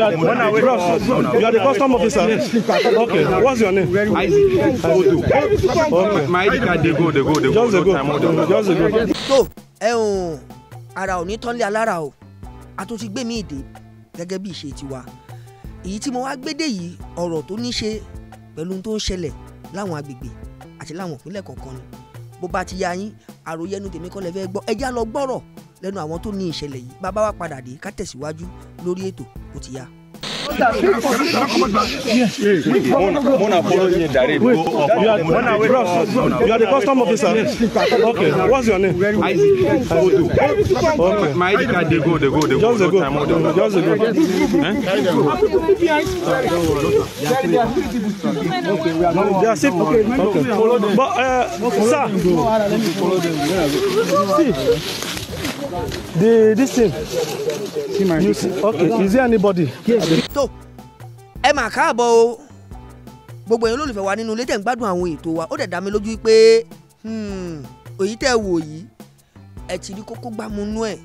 You are the custom officer. Okay. What's your name? Isaac. Okay. My ID card dey go dey go dey go. Just go. Just go. So eh, ò ara ò ní tọ́lé alára o a tún ti gbé mi ìdè gẹ́gẹ́ bí ìṣe tiwa èyí tí mo wá gbédè yìí ọ̀rọ̀ tó ní ṣe pẹ̀lú tó ń ṣẹlẹ̀ láwọn agbègbè àti láwọn ìpínlẹ̀ kọ̀ọ̀kan ni bó bá ti ya yín àròyé ẹnu tèmi kọ́ lẹ fẹ́ gbọ́ ẹ já lọ gbọ́rọ̀ lẹ́nu àwọn tó ní ìṣẹ̀lẹ̀ yìí bàbá wa padà dé ká tẹ̀síwájú lórí ètò ó ti yá. Yes, yes. Mona, follow you direct. Wait, you are, Mona, wait. Bro, you are the custom officer. Yes. Okay, what's your name? Isaac. Odu. Okay. My ID card, they go, they go, they go. Just they go. Just they go. They are safe. Okay. But, uh, sir. See the this thing see my you see okay is there anybody. tó ẹ mà káàbọ̀ o gbogbo ẹ̀yin olólùfẹ́ wa nínú ilé tẹ̀ ń gbádùn àwọn ètò wa ó dẹ̀ dá mi lójú pé òyì hmm, tẹ́ ẹ wò yìí ẹ ti rí kókó gbámúnú ẹ̀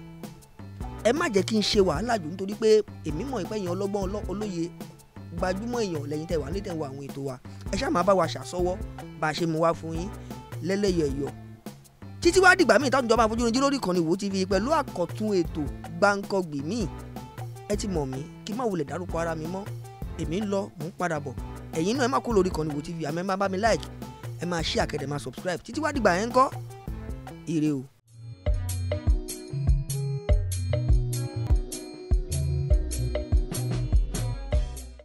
ẹ má jẹ́ kí n ṣe wàhálà jù nítorí pé èmi mọ̀ ìpẹ́ yẹn ọlọ́gbọ́n olóye gbajúmọ̀ èèyàn lẹ́yìn tẹ̀ wá létẹ̀ wọ àwọn ètò wa ẹ ṣáà má bá wa ṣàsọwọ́ bá a ṣe mú wa fún yín lẹ́lẹ́yẹ̀yọ̀ títí wá dìgbà míì táwọn ìjọba àfojúrinjú lórí ìkànnì Wo TV pẹ̀lú àkọ́tún ètò gbàǹkangbì míì ẹ ti mọ̀ mí kí n má wulẹ̀ dárúkọ ara mi mọ́ èmi ń lọ mò ń padà bọ̀ ẹ̀yin náà ẹ má kó lórí ìkànnì Wo TV àmọ́ ẹ má bá mi like ẹ máa share àkẹ́dẹ̀ máa subscribe títí wá dìgbà yẹn ń kọ́ ire o.